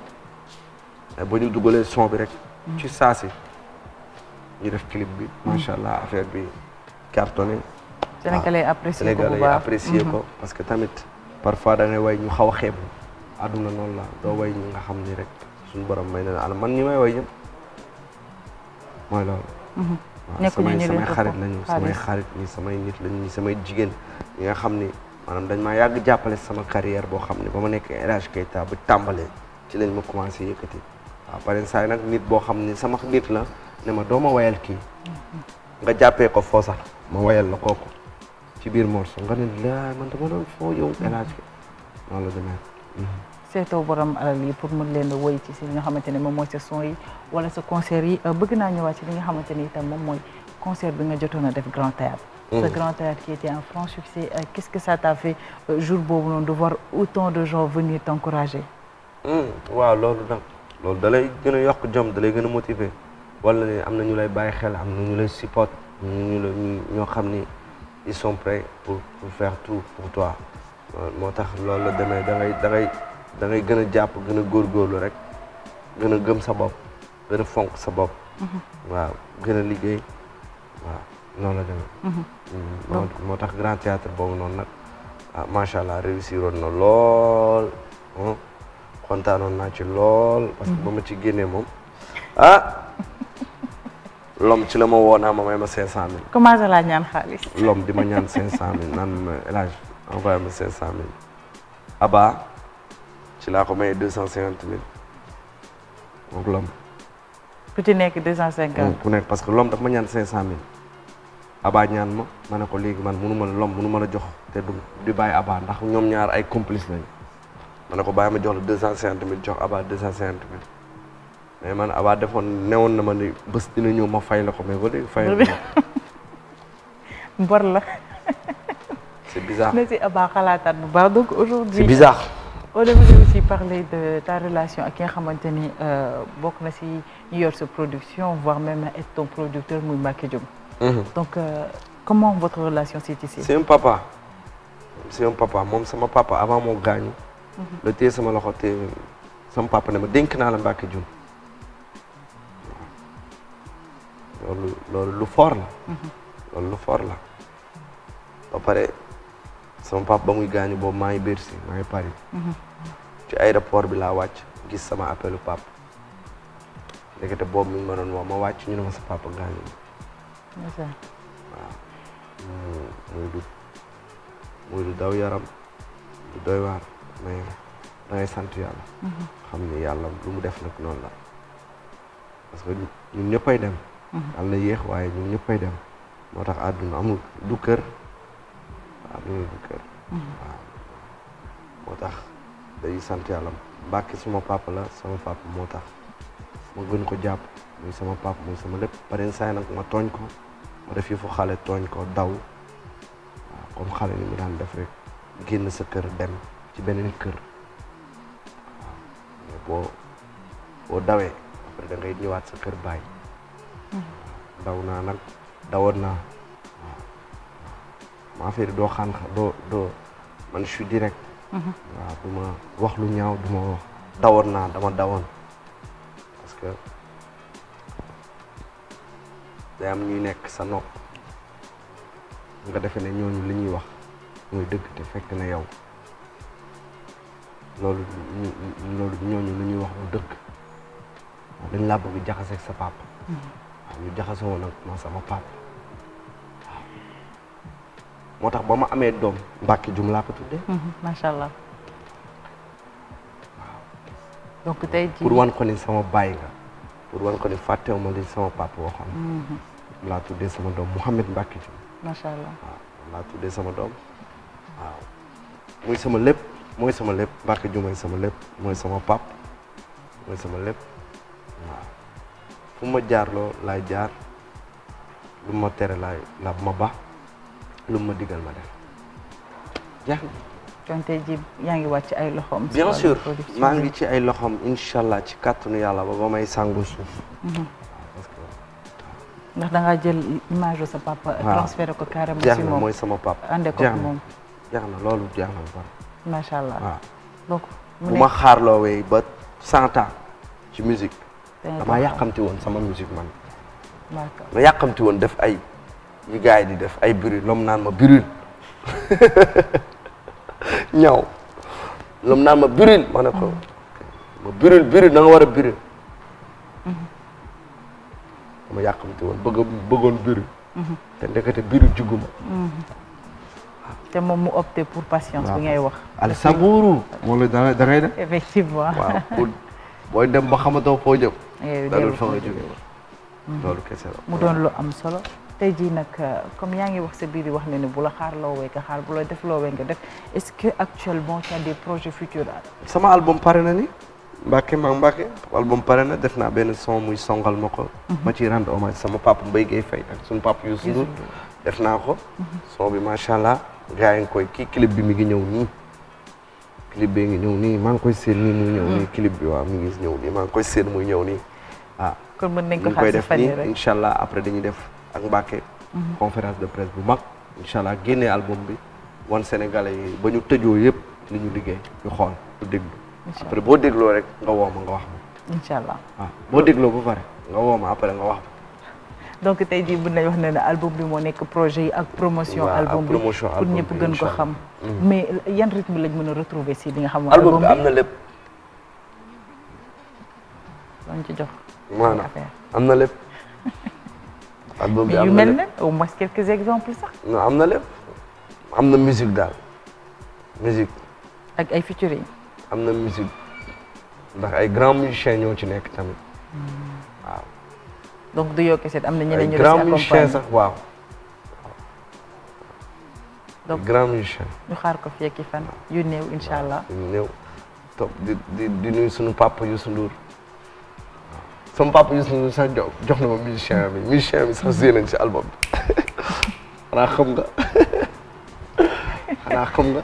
ba ñu dugalee son bi rek. Mm-hmm. ci saasi ñu def clip bi. macha allah affaire bi cartonné. Sénégalais ah, apprécié ko bu baax ko parce que tamit. parfois da ngay way ñu xaw a xeeb àdduna noonu la doo way ñu nga xam ni rek suñu borom may na man ñi may way ñëpp mooy loolu. Mhm. nekkul ñu samay xarit samay xarit ñi samay nit lañu ñi samay jigéen ñi nga xam ni maanaam dañ maa yàgg jàppale sama carrière boo xam ne ba ma nekk El Hadj Keita ba tàmbalee ci lañ ma commencé yëkkati waaw nag nit boo xam ni sama nit la ne ma doo ma wayal kii mhm. nga jàppee ko foo sax ma woyal la kooku ci biir morso nga ne la man dama doon foo yow a woy ci si li nga xamante ne moom mooy sa son yi wala sa concert yi bëgg naa ñëwaat ci li nga xamante ni itam moom mooy concert bi nga jotoon a def grand théâtre ce mm. grand théâtre e, qui que ça t'a fait e, jour boobu noonu de voir autant de gens venir t'encourager mm. waaw loolu nag loolu da lay gën a yokk jom da lay gën a motiver wala ne am na ñu lay bàyyi xel am na ñu support ñu ñu la xam ni ils sont prêts pour pour tout pour toi euh, moo tax lool la demee da ngay da ngay gën a jàpp gën a góorgóorlu rek gën a gëm sa bopp gën fonk sa bopp. Mm-hmm. waaw gën a liggéey waaw noonu la demee. Mm-hmm. Mm-hmm. moo moo tax grand théâtre boobu noonu nag ah réussir woon na lool kontaanoon naa ci lool. parce que ba ma ci génnee moom ah. lom ci la ma woo naa ma may ma 500000. commencé laa ñaan xaalis. lom di ma ñaan 500000 naan ma El Hadj envoyé ma 500000. Aba ci laa ko may 250000 moom lom. ku ci nekk 250. Mm, ku nekk parce que lom daf ma ñaan 500000. Aba ñaan ma ma ne ko léegi man mënu ma la lom mënu ma la jox te du di bàyyi Aba ndax ñoom ñaar ay complice lañu. ma ne ko bàyyi ma jox la 250000 jox Aba 250000. mais man abaa defoon newoon na ma ni bés dina ñëw ma fay loxo ko mais ba léegi fay [laughs] bor la. c'est bizarre na si abaa xalaataat bu baax donc aujourd'hui c'est bizarre. on devait aussi parler de ta relation ak ki nga xamante ni euh, bokk na si ñu yor sa production voire même est ton producteur muy Mbacké Diop. Mhm. donc euh, comment votre relation s'est c'est un papa c'est un papa moom sama papa avant moo gaañu. Mhm. la sama loxo te sama papa ne ma denk naa la Mbacké Diop. loolu lu fort la mhm. loolu lu fort ba pare sama papa ba muy gaañu boobu maa ngi Bercy maa ngi Paris mhm. ci aéroport bi laa wàcc gis sama appelu papa ndekete boobu mi ngi ma doon woo ma wàcc ñu ne ma sa papa gaañu waaw muy du daw yaram du doy waar mais da sant yàlla mhm. xam ni yàlla lu mu def nag noonu la parce que ñun ñëppay dem am mhm. na yéex waaye ñun ñëppay dem moo tax àdduna amul du kër àdduna du kër mhm. waaw moo tax day sant yàlla Mbàkke suma papa la sama papa moo tax ma gën ko jàpp muy sama papa muy sama lépp saa saay nag ma tooñ ko ma def yëfu xale tooñ ko daw waaw comme xale ni mu daan def rek génn sa kër dem ci beneen kër boo boo dawee après da ngay ñëwaat sa kër bàyyi daw naa nag dawoon naa waaw affaire doo xaan doo doo man je direct. waaw du wax lu ñaaw du wax dawoon naa dama dawoon parce que day am ñuy nekk sa nopp nga defe ne ñooñu li ñuy wax mooy dëgg te fekk na yow loolu ñooñu lu ñuy wax lu dëgg dañ laa bëgg jaxaseeg sa papa. ñu jaxasoo nag ma sama pap moo tax ba ma amee doom Mbacke Dioum laa ko mhm, waaw. donc tey wan ko ni sama baay nga pour ko ni fàttewu ma li sama papa waxoon. Mhm. laa tuddee sama doom Mouhamed Mbacke Dioum. macha allah waaw laa tuddee sama doom waaw muy sama lépp mooy sama lépp Mbacke Dioum mooy sama lépp mooy sama pap mooy sama lépp. fu ma jaarloo laay jaar lu ma tere laay la ma ba lu ma diggal ma def jeex na. kon tey jii yaa ngi wàcc ay loxoom. bien maa ngi ci ay loxoom incha allah ci kàttanu yàlla ba ba may sangu suuf. Mhm. ndax da jël image sa papa. transféré ko carrément si moom mooy sama papa. ànde ko moom jeex na loolu jeex na ba pare. macha allah donc mu bu ma xaarloowee ba cent ans ci musique. damaa yàqamti woon sama musique man. ma yàqamti woon def ay yu gars yi di def ay bruit lom naan ma bruit [laughs] ñaw lom naan ma bruit ma ne mm-hmm. ma bruit bruit da nga war a bruit mm-hmm. dama yàqamti woon bëgg bëggoon mm-hmm. te ndekete bruit te moom mu opté pour patience bi ngay wax al saburu wala da ngay def effectivement waaw booy dem ba xamatoo foo jëm loolu fa nga jóge woon loolu kese la mu doon lu am solo tey jii nag comme yaa ngi wax sa biir yi wax ne ne bu la xaar loowee nga xaar bu la def loowee nga def est-ce que actuellement tu as des projets futurs sama album pare na ni Mbacke maa Mbacke album pare na def naa benn son muy songal ma ko mm-hmm. ma ciy rendre hommage sama papa Mbaye Gueye Faye ak suñu papa Youssou Ndour def naa ko mm-hmm. son bi macha allah gars yi nga koy kii clip bi mi ngi ñëw nii clip bi ngi ñëw nii maa ngi koy seen nii ñëw nii mm. clip bi waaw mi ngi ñëw nii maa ngi koy seen muy ñëw nii ah kon mën nekk ko xaar si fan yi rek incha allah après dañuy def a Mbacke mm-hmm. conférence de presse bu mag incha allah génnee album bi wan Sénégalais yi ba ñu tëjoo yëpp li ñu liggéey ñu xool ñu déglu après boo dégloo rek nga woo nga wax ma incha allah ah, boo dégloo bu pare nga woo ma après nga wax donc tey jii bu nañ wax ne ne album bi moo nekk projet yi ak promotion album bi pour ñëpp gën ko xam mm. mais yan rythme lañ mën a retrouver si li nga xam album bi am na lépp soñ ci jox maanaam am na lépp [laughs] album bi am na lépp yu mel ne au moins quelques exemples sax non am na lépp am na musique daal musique ak ay featuring am na musique ndax ay grands musiciens ñoo ci nekk tamit hmm. donc du yow kese am na ñeneen ñu. grand musicien sax grand musicien. ñu xaar ko fii ak fan yu néew incha allah. yu néew topp di di di sunu papa Youssou Ndour. sama papa Youssou Ndour sax jox jox na ma musicien bi musicien bi sax joué nañ bi [laughs] xanaa xam nga [laughs] xanaa xam nga.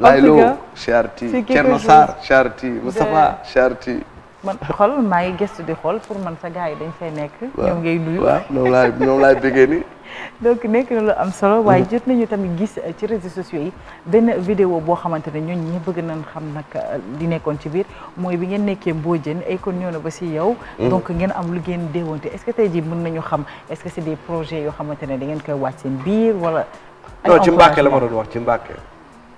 Laylo Charti Thierno Sarr Charti Moustapha Charti. man xol maa ngi gëstu di xool pour man sa gars yi dañ fay nekk. ñoom ngay nuyu waaw ñoom laay ñoom laay bëggee nii. [laughs] donc nekk na lu am solo. waaye mm-hmm. jot nañu tamit gis eh, ci réseaux sociaux yi benn vidéo boo xamante ne ñooñu ñi bëgg na xam nag di eh, nekkoon ci biir mooy bi ngeen nekkee Mbodiène ay eh, kon ñëw na ba si yow. Mm-hmm. donc ngeen am lu ngeen déwante est-ce que tey jii mën nañu xam est-ce que c'est des projets yoo xamante ne da ngeen koy wàcc seen biir wala. non ci Mbàkke la ma doon wax ci Mbàkke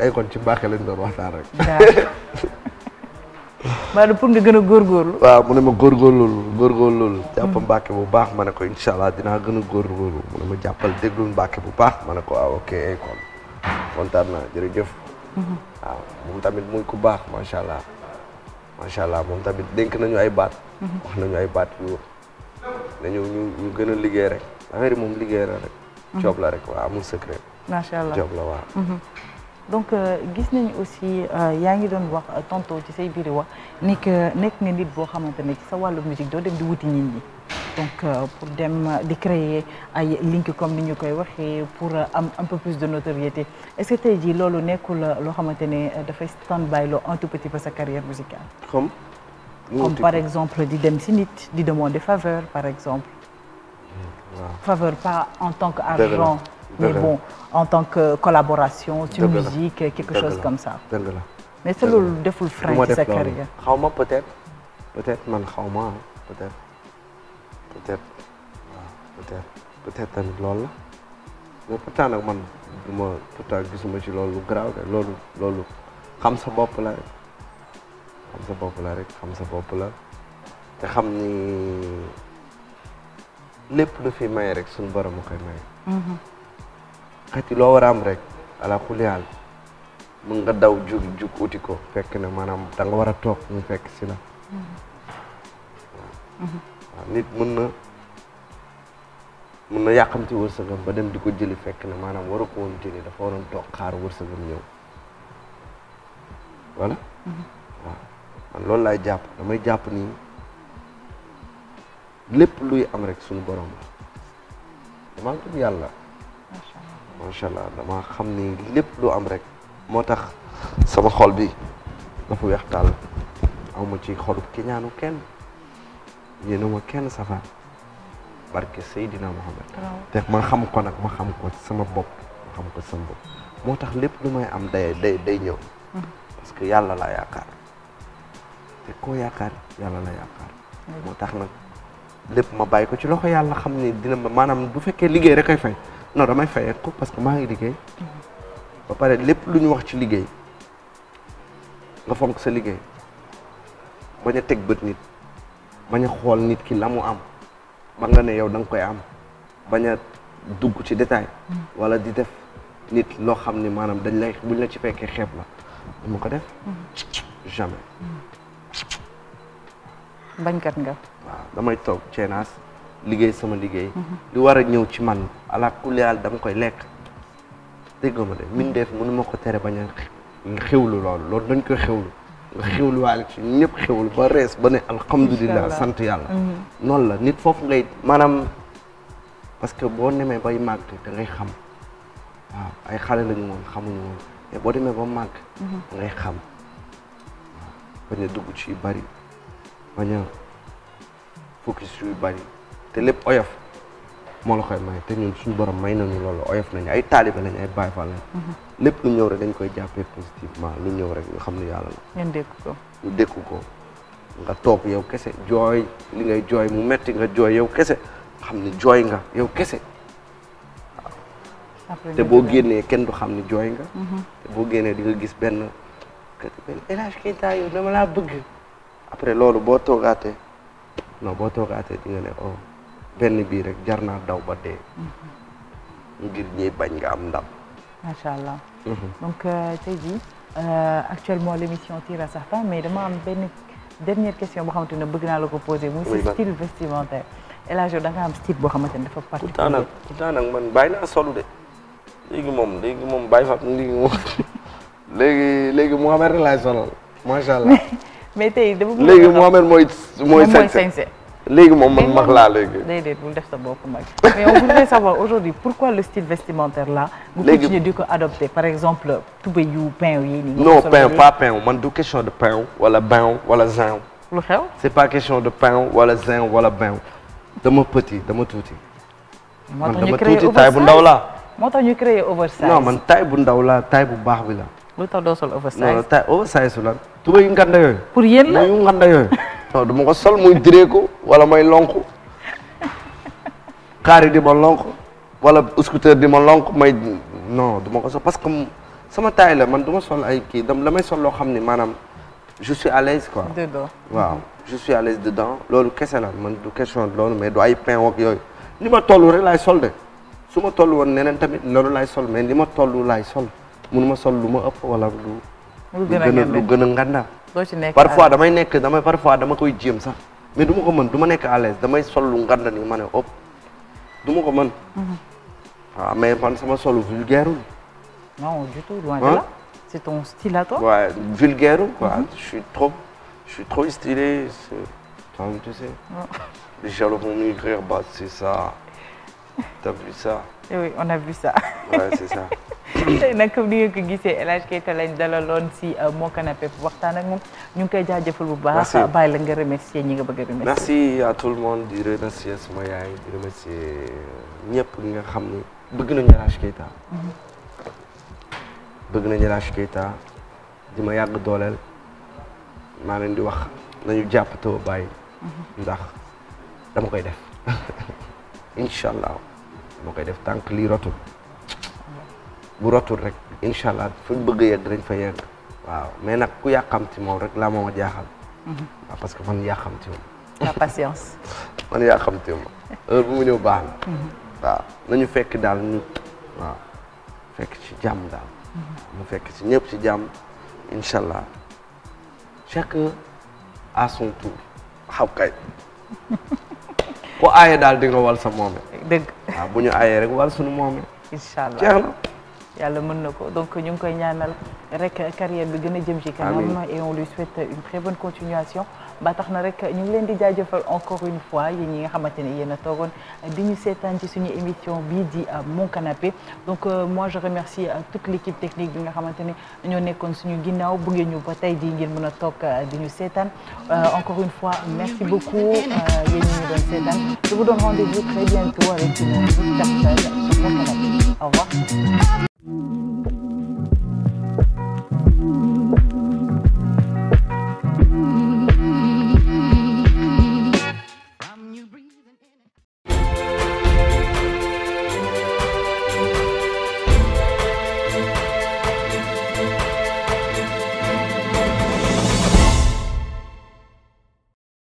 ay kon ci Mbàkke lañ doon waxtaan rek. [laughs] maanaam pour nga gën a góorgóorlu. waaw mu ne ma góorgóorlu góorgóorlu. jàpp Mbàkke bu baax ma ne ko incha allah dinaa gën a góorgóorlu mu ne ma jàppal déglu Mbàkke bu baax ma ne ko waaw ok kon kontaan naa jërëjëf. waaw moom tamit muy ku baax macha allah macha allah moom tamit dénk nañu ay baat. wax nañu ay baat yu nañu ñu ñu gën a liggéey rek affaire yi moom liggéey la rek. Mhm. job la rek waaw amul secret. macha allah job la waaw. Mhm. donc euh, gis nañu aussi euh, yaa ngi doon wax euh, tantôt ci say biir wax ni que nekk nga nit boo xamante ne ci sa wàllu musique doo di wuti nit ñi donc pour dem di créer ay link comme ni ñu koy waxee pour am un peu plus de notoriété est-ce que tey jii loolu nekkul loo xamante ne dafay stand by loo un tout petit peu sa carrière musicale. comme comme par exemple di dem si nit di demander faveur par exemple. Hmm, faveur pas en tant que argent. mais bon en tant que collaboration ci musique quelque chose comme ça dëgg la mais sa loolu deful frein ci sa carrière xaw ma peut-être peut-être man xaw ma peut-être peut-être waaw peut-être peut-être tamit loolu la mais pourtant nag man du ma pourtant gisuma ci loolu garaaw de loolu loolu xam sa bopp la rek xam sa bopp la rek xam sa bopp la te xam ni lépp lu fi may rek suñu borom a koy may mhm. xati loo war a am rek ala xuliyaal mën nga daw jug jug wuti ko fekk na maanaam da nga war a toog mu fekk si la waaw nit mën na mën na yàqamti wërsëgam ba dem di ko jëli fekk ne maanaam waru ko woon jëli dafa waroon toog xaar wërsëgam ñëw voilà waaw man loolu laay jàpp damay jàpp nii lépp luy am rek suñu borom la damaa gëm yàlla macha allah dama xam ni lépp lu am rek moo tax sama xol bi dafa weex tàll awma ci xolu ki ñaanu kenn yéenuma kenn safar barke Seydina Mohamed te ma xam ko nag ma xam ko sama bopp xam ko sama moo tax lépp lu may am day day day ñëw mm-hmm. parce que yàlla laa yakaar te koo yaakaar yàlla la yaakaar mm-hmm. moo tax nag lépp ma bàyyi ko ci loxo yàlla xam ni dina ma maanaam du fekkee liggéey rek koy fay non damay fayeeku parce que maa ngi liggéey ba pare lépp lu ñu wax ci liggéey nga fonk sa liggéey bañ a teg bët nit bañ a xool nit ki la mu am ba nga ne yow danga koy am bañ a dugg ci détail mm. wala di def nit loo xam ni maanaam dañ lay buñ la ci fekkee xeeb la du ko def mm. jamais mm. bañkat nga waaw damay toog ceenaas liggéey sama liggéey. lu war a ñëw ci man ala kulli haal dama koy lekk. dégg ma de mbindeef mënu ko tere bañ a xewlu loolu loolu dañ koy xewlu nga xewlu waale ci ñëpp xewlu ba rees ba ne alhamdulilah sant yàlla. Mhm. noonu la nit foofu ngay maanaam parce que boo nemee bay màgg da xam waaw ay xale lañu woon xamuñu woon boo demee ba màgg. Mhm. da xam bañ a dugg ci yu bari bañ a focus yu bari. te lépp oyof moo la koy may te ñun suñu borom may nañu loolu oyof nañu ay taalibe lañ ay baay faal lañ mhm. lépp lu ñëw rek dañ koy jàppee positivement lu ñëw rek ñu xam ne yàlla la ñu dékku ko nga toog yow kese jooy li ngay jooy mu metti nga jooy yow kese xam ne jooy nga yow kese waaw te boo génnee kenn du xam ne jooy nga mhm. te boo génnee di gis benn benn élage Keita yow dama laa bëgg après loolu boo toogaatee non boo toogaatee di ne oh, benn bii rek jar naa daw ba dee mhm. ngir ñiy bañ nga am ndam macha allah mhm. donc euh, tey jii euh, actuellement l' émission tire à sa fin mais dama am benn dernière question boo xamante ne bëgg naa la ko poser muy si style vestimentaire El Hadj da nga am style boo xamante ne dafa particulier pourtant nag pourtant nag man bàyyi naa solu de léegi moom léegi moom bàyyi fa léegi moom [laughs] léegi léegi Mouhamed laay solal macha allah [laughs] mais tey dama léegi Mouhamed mooy mooy sañse léegi moom man mag laa léegi. déedéet bul def sa bopp mag mais on voudrait savoir aujourd'hui pourquoi le style vestimentaire là. léegi nga continuer di ko adopter par exemple tubéy yu pain yi. ni non pain pas pain man du question de pain wala bain wala zin. lu xew c'est pas question de pain wala zin wala bain dama petit dama tuuti. man dama tuuti taay bu ndaw laa. moo tax ñu créé oversize. non man taay bu ndaw laa taay bu baax bi la. lu tax doo sol oversize. non taay oversize su la. tubéy yu nganda yooyu. pour yéen la yu yooyu. [laughs] non du ma ko sol muy direeku wala may lonku kaar yi di ma lonk wala scooter di ma lonk may non du ma ko parce que sama taay la man du ma sol ay kii dam la may sol loo xam ni maanaam je suis à l'aise waaw je suis à loolu kese la man du question loolu mais du ay pain wak yooyu li ma toll rek laay sol de su ma toll woon neneen tamit loolu laay sol mais li ma toll laay sol mënu ma sol lu ma ëpp wala lu lu gën nganda doo ci nekk parfois damay nekk damay parfois dama koy jéem sax mais du ma ko mën du ma nekk à l'aise damay sol lu ngand ni ma ne ëpp du ma ko mën. waaw mm-hmm. ah, mais man sama solu vulgaire ul. non du tout loin de là. c'est ton style à toi. waaw vulgaire ul quoi mm-hmm. je suis trop je suis trop stylé tu sais. Mm. les jaloux vont m'écrire bah c'est ça [laughs] t'as vu ça. oui on a [laughs] nag comme ni nga ko gisee El Hadj Keita lañ dalaloon si euh, Mon Canapé waxtaan ak moom ñu ngi koy jaajëfal bu baax. merci baay la nga remercier ñi nga bëgg a remercier. merci à tout le monde di remercier sama yaay euh, nga xam ni bëgg nañu El Hadj Keita. Mm-hmm. bëgg yàgg dooleel maa leen di wax nañu jàpp taw mm-hmm. ndax dama koy def [laughs] incha allah. moo koy def tànk lii rotul bu rotul rek incha allah fuñ bëgg a yegg dañ fa yegg waaw mais nag ku yàqamti moom rek laa moom a jaaxal. Mhm. waaw parce que man yàqamti ma. la patience. [laughs] man yàqamti ma heure bu mu ñëw baax na. Mhm. waaw nañu fekk daal ñu waaw fekk ci jàmm daal. mu mhm. fekk ci ñëpp ci jàmm incha allah chacun à son tour xaw kay. [laughs] ku aaye daal di nga wal sa moome. dëgg bu ñu aayee rek wal suñu moome. incha allah jeex na. yàlla mën na ko donc ñu ngi koy ñaanal rek carrière bi gën a jëm ci kanam. et on lui souhaite une très bonne continuation. ba tax na rek ñu ngi leen di jaajëfal encore une fois yéen ñi nga xamante ne yéen a toogoon di ñu seetaan ci suñu émission bii di euh, mon canapé donc euh, moi je remercie euh, toute l'équipe technique bi nga xamante ne ñoo nekkoon suñu ginnaaw bëggee ñu ba tey jii ngeen mën a toog di ñu seetaan encore une fois merci beaucoup yéen ñi ñu doon seetaan je vous donne rendez-vous très bientôt avec une autre personne sur mon canapé